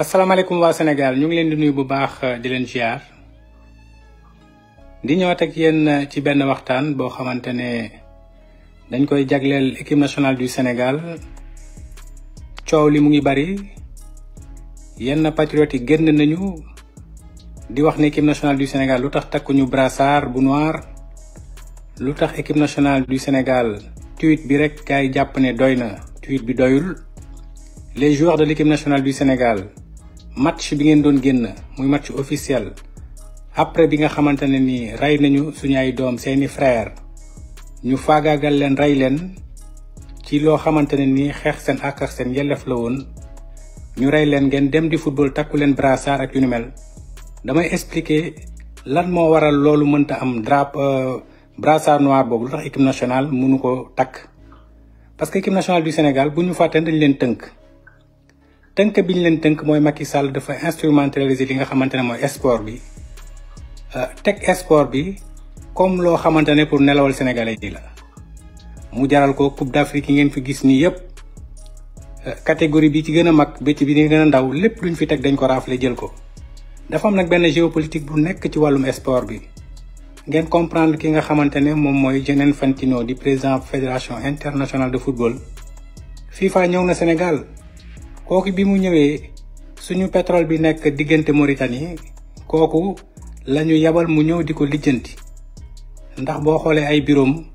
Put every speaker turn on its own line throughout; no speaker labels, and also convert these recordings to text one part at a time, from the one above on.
Assalamualaikum wa senegal ñu ngi leen di nuyu bu baax euh, di leen ziar di ñëwaat ak yéen euh, ci benn waxtaan boo xamante ne dañ koy jagleel équipe nationale du Sénégal coow li mu ngi bari yenn patriote yi génn nañu di wax ne équipe nationale du Sénégal lu tax takkuñu brassard bu noir lu équipe nationale du Sénégal tweet bi rek gaay jàpp ne doy na tweet bi doyul les joueurs de l'équipe nationale du Sénégal match bi ngeen doon génn muy match officiel après bi nga xamantene ni rey nañu suñu ay doom seeni frère ñu faagaagal leen rey leen ci loo xamantene ni xeex seen ak ak seen yelleef la woon ñu rey leen ngeen dem di football takku leen brassard ak yu ni mel damay expliquer lan moo waral loolu mënta am drap euh, brassard noir boobu lu tax équipe nationale mënu ko takk parce que équipe nationale du Sénégal bu ñu fàtte dañ leen tënk tënk biñ leen tënk mooy Macky Sall dafa instrumentaliser li nga xamante ne mooy sport bi euh, teg sport bi comme loo xamante ne pour nelawal sénégalais yi la mu jaral ko coupe d'Afrique yi ngeen fi gis nii yëpp euh, catégorie bi ci gën a mag bëcc bi ni gën a ndaw lépp luñ fi teg dañ ko raafle jël ko dafa am nag benn géopolitique bu nekk ci wàllum sport bi ngeen comprendre ki nga xamante ne moom mooy Gianni di président fédération internationale de football FIFA ñëw na Sénégal kooku bi mu ñëwee suñu pétrole bi nekk diggante Mauritanie lañu yabal mu ñëw di ko lijjanti ndax boo xoolee ay biroom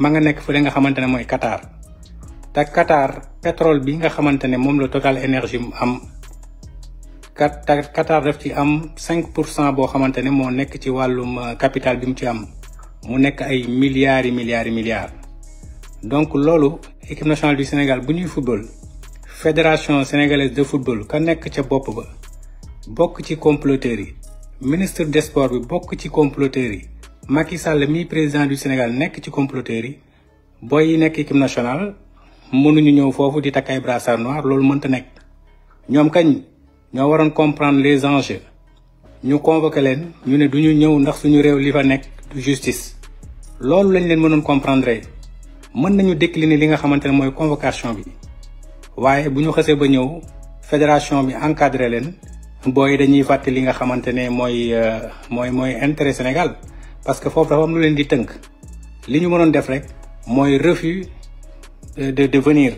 ma nga nekk fële nga xamante ne Qatar te Qatar pétrole bi nga la Total Énergie am kat Qatar daf ci am 5 pour cent boo xamante ci wàllum euh, capital bi mu ci am mu ay milliards milliards milliards donc loolu équipe nationale du Sénégal bu ñuy football fédération sénégalaise de football ka nekk ca bopp ba bokk ci comploteurs yi ministre des sports bi bokk ci comploteurs yi Macky Sall mi président du Sénégal nekk ci comploteurs yi boy yi nekk équipe nationale mënuñu ñëw foofu di takk ay brassard noir loolu mënta nekk ñoom kañ ñoo waroon comprendre les enjeux ñu convoqué leen ñu ne duñu ñëw ndax suñu réew li fa nekk du justice loolu lañ leen mënoon comprendre mën nañu décliner li nga xamante ne mooy convocation bi waaye bu ñu xësee ba ñëw fédération bi encadré leen booy dañuy fàtte li nga xamante ne mooy euh, mooy mooy intérêt Sénégal parce que foofu dafa am lu leen di tënk li ñu mënoon def rek mooy refus de de venir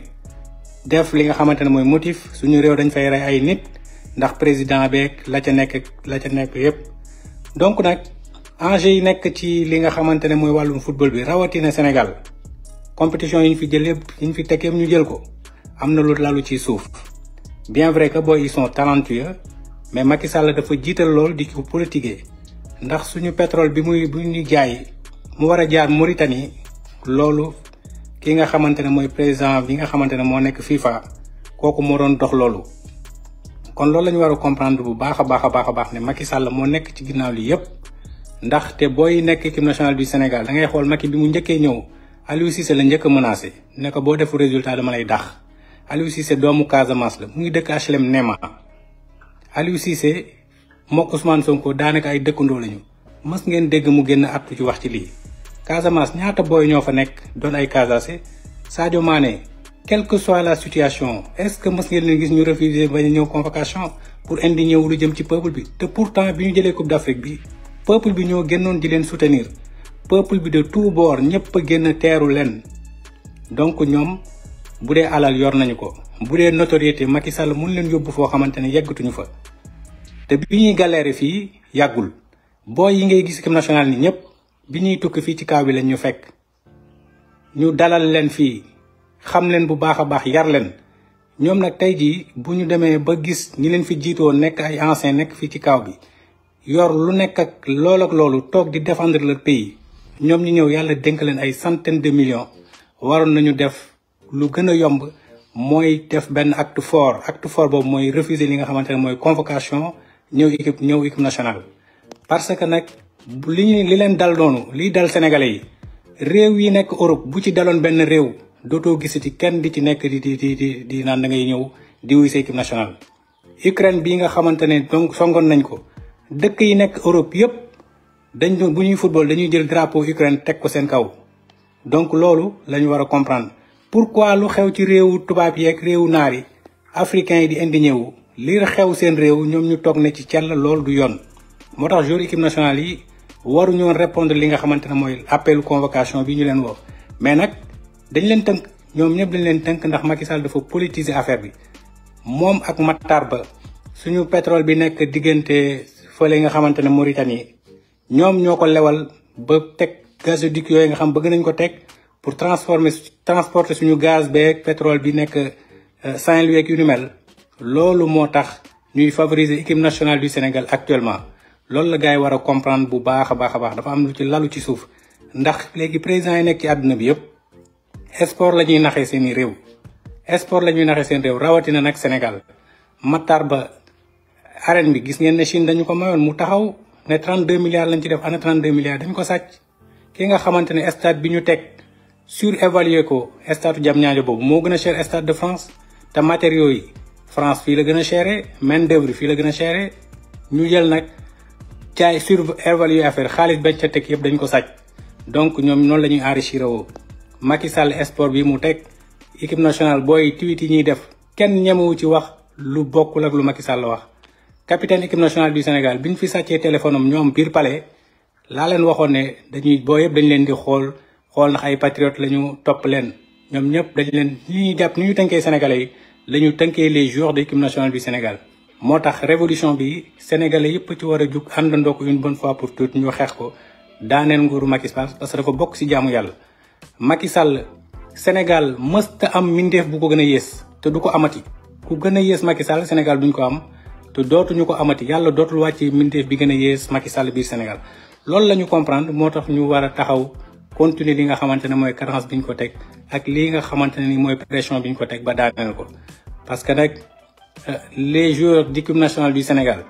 def li nga xamante ne mooy motif suñu réew dañ fay rey ay nit ndax président beeg la ca nekk la ca nekk yépp donc nag enjeu yi nekk ci li nga xamante ne mooy wàllum football bi rawatina Sénégal compétition yi ñu fi jël yi ñu fi teg ñu jël ko. amna lu lalu ci souf bien vrai que boy ils sont talentueux mais Macky Sall dafa jital lol di ko politiquer ndax suñu pétrole bi muy bu ñu jaay mu wara kinga jaar Mauritanie lolou ki nga xamantene moy président bi nga xamantene mo nek FIFA koku mo doon dox lolou kon lolou lañu wara comprendre bu baaxa baaxa baaxa baax ne Macky Sall mo nek ci ginaaw li yépp té boy nek équipe nationale du Sénégal da ngay xol Macky bi mu ñëw Aliou Cissé la menacer ne ko résultat dama lay dax. Aliou Cissé doomu Casamance la mu ngi dëkk HLM Nema Aliou Cissé mok Ousmane Sonko danaka ay dëkkandoo lañu mës ngeen dégg mu génn àttu ci wax ci li Casamance ñaata boy ñoo fa nekk doon ay Casacé Sadio Mané quelle que soit la situation est-ce que mës ngeen leen gis ñu refuser bañ ñëw convocation pour indi ñëw lu jëm ci peuple bi te pourtant biñu jëlé Coupe d'Afrique bi peuple bi ñoo génnoon di leen soutenir peuple bi de tout bord ñepp a génn teeru leen donc ñom bu dee alal yor nañu ko bu dee notoriété Macky Sall mun leen yóbbu foo xamante ne yeggatuñu fa te bi ñuy galéré fii yàggul booy yi ngay gis équipe nationale ni ñëpp bi ñuy tukki fii ci kaw bi lañ ñu fekk ñu dalal leen fii xam leen bu baax a baax yar leen ñoom nag tey jii bu ñu demee ba gis ñi leen fi jiitoo nekk ay ancien nekk fii ci kaw bi yor lu nekk ak lool ak loolu toog di défendre le pays ñoom ñu ñëw yàlla dénk leen ay centaine de millions waroon nañu def lu gën a yomb mooy def benn acte fort acte fort boobu mooy refuser li nga xamante ne mooy convocation ñëw équipe ñëw équipe nationale. parce que nag li ñu li leen dal noonu liy dal sénégalais yi réew yi nekk Europe bu ci daloon benn réew dootoo gis gisati kenn di ci nekk di di di di naan da ñëw di wuy sa équipe nationale. Ukraine bii nga xamante ne donc songoon nañ ko dëkk yi nekk Europe yëpp dañ bu ñuy football dañuy jël drapeau Ukraine teg ko seen kaw donc pourquoi lu xew ci réewu tubaab yeeg réewu naar yi africains yi di indigné wu lii xew seen réew ñoom ñu toog ne ci cell lool du yoon moo tax jour équipe nationale yi waru ñoon répondre li nga xamante ne mooy appelu convocation bi ñu leen woo mais nag dañ leen tënk ñoom ñëpp dañ leen tënk ndax Macky Sall dafa politiser affaire bi moom ak mattar Ba suñu petrole bi nekk diggante fële nga xamante ne Mauritanie ñoom ñoo ko lewal ba teg gazoduc yooyu nga xam bëgg nañ ko teg pour transformer transporter suñu gaz beeg pétrole bi nek euh, Saint-Louis ak yu ni mel ñuy favoriser équipe nationale du Sénégal actuellement lolu la gay wara comprendre bu baax a baax dafa am lu ci lalu ci souf ndax légui président nek nekk ci àdduna bi yëpp sport lañuy naxé naxee seeni réew sport lañuy naxé seen réew rawati na nak Sénégal Matar Ba arène bi gis ngeen ne Chine dañu ko mayon mu taxaw ne 32 milliards lañ ci def ana 32 milliards dañ ko sacc ki nga xamantene stade bi ñu tek sur surévaluer ko stade Diamniadio boobu moo gën a cher stade de France te matériaux yi France fii la gën a chéré main d'œuvre fii la gën a chéré ñu jël nag caay surévaluer affaire xaalis bañ ca teg yëpp dañ ko sàcc donc ñoom noonu la ñuy enrichir woo Macky Sall sport bi mu teg équipe nationale booy tweet yi ñuy def kenn ñemewu ci wax lu bokkul ak lu Macky Sall wax capitaine équipe nationale du Sénégal bi ñu fi sàccee téléphone am ñoom biir palais laa leen waxoon ne dañuy boo yëpp dañ leen di xool xool ndax ay patriotes lañu ñu topp leen ñoom ñëpp dañ leen li ñuy jàpp ni ñu tënkee sénégalais yi la tënkee les joueurs de l'équipe nationale du Sénégal moo tax révolution bi sénégalais yëpp ci war a jug àndandoo ko une bonne fois pour tout ñu xeex ko daaneel nguuru Macky Sall parce que dafa bokk si jaamu yàlla Macky Sall Sénégal mësta am mindeef bu ko gën a yées te du ko amati ku gën a yées Macky Sall Sénégal duñ ko am te dootuñu ko amati yàlla dootul wàcce mindeef bi gën a yées Macky Sall biir Sénégal loolu la ñu comprendre moo tax ñu war a taxaw continuer li nga xamante ne mooy carence bi ñu ko teg ak lii nga xamante ne ni mooy pression bi ñu ko teg ba daaneel ko parce que nag euh, les joueurs d'équipe nationale bi Sénégal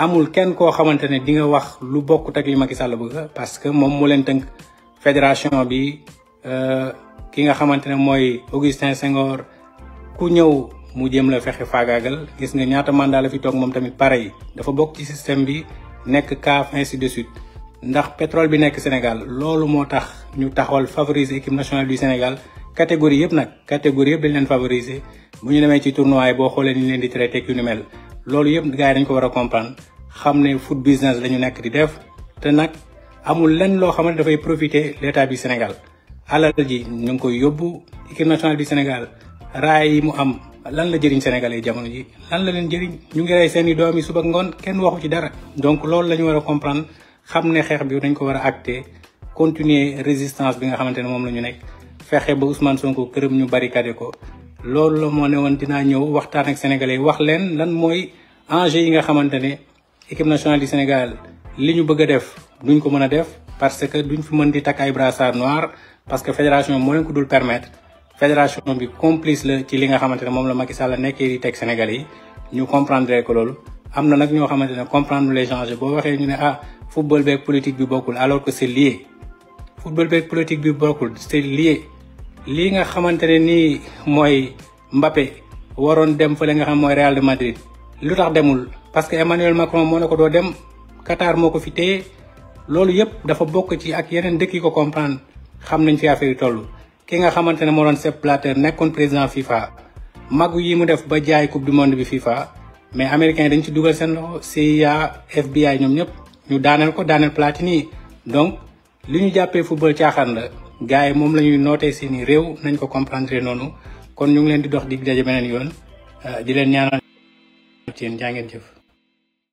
amul kenn koo xamante ne di nga wax lu bokkut ak li Macky Sall bëgg parce que moom mu leen tënk fédération bi euh, ki nga xamante ne mooy Augustin Senghor ku ñëw mu jëm la fexe faagaagal gis nga ñaata mandat la fi toog moom tamit pare dafa bokk ci système bi nekk kaaf ci de suite ndax pétrole bi nekk Sénégal loolu moo tax ñu taxawal favoriser équipe nationale du Sénégal catégorie yëpp nag catégorie yëpp dañ leen favoriser bu ñu demee ci tournoi yi boo xoolee ni leen di traité ak yu ni mel loolu yëpp gars yi dañ ko war a comprendre xam ne foot business la ñu nekk di def te nag amul lenn loo xamante dafay profiter l' état du Sénégal alal ji ñu ngi koy yóbbu équipe nationale du Sénégal raay yi mu am lan la jëriñ sénégalais jamono ji lan la leen jëriñ ñu ngi rey seen i doom yi suba ngoon kenn waxu ci dara donc loolu la ñu war a comprendre xam ne xeex bi dañ ko war a acté continuer résistance bi nga xamante ne moom la ñu nekk fexe ba Ousmane Sonko këram ñu barricadé ko loolu la moo ne woon dinaa ñëw waxtaan ak sénégalais wax leen lan mooy enjeu yi nga xamante ne équipe nationale du Sénégal li ñu bëgg a def duñ ko mën a def parce que duñ fi mën di takk ay brassard noir parce que fédération moo leen ko dul permettre fédération bi complice la ci li nga xamante ne moom la Macky Sall nekkee di teg sénégalais yi ñu comprendre ko loolu am na nag ñoo xamante ne comprendre les enjeux boo waxee ñu ne ah football bag politique bi bokul alors que c'est lié football bag politique bi bokul c'est lié li nga xamantene ni moy Mbappé waron dem fële nga xam moy Real de Madrid lutax demul parce que Emmanuel Macron moo dem Qatar moko fi téye lolou yëpp dafa bok ci ak yenen dekk yi ko comprendre xam nañ fi affaire yi ki nga xamantene mo don sep plater nekkon FIFA magu yi mu def ba jaay coupe du monde bi FIFA mais américain dañ ci dugal sen CIA FBI ñom ñep ñu daaneel ko daaneel nii donc li ñu jàppee football caaxaan la gars yi moom la ñuy nootee seeni réew nañ ko comprendre noonu kon ñu ngi leen di dox di daje beneen yoon euh, di leen ñaanal ci yéen jaa ngeen jëf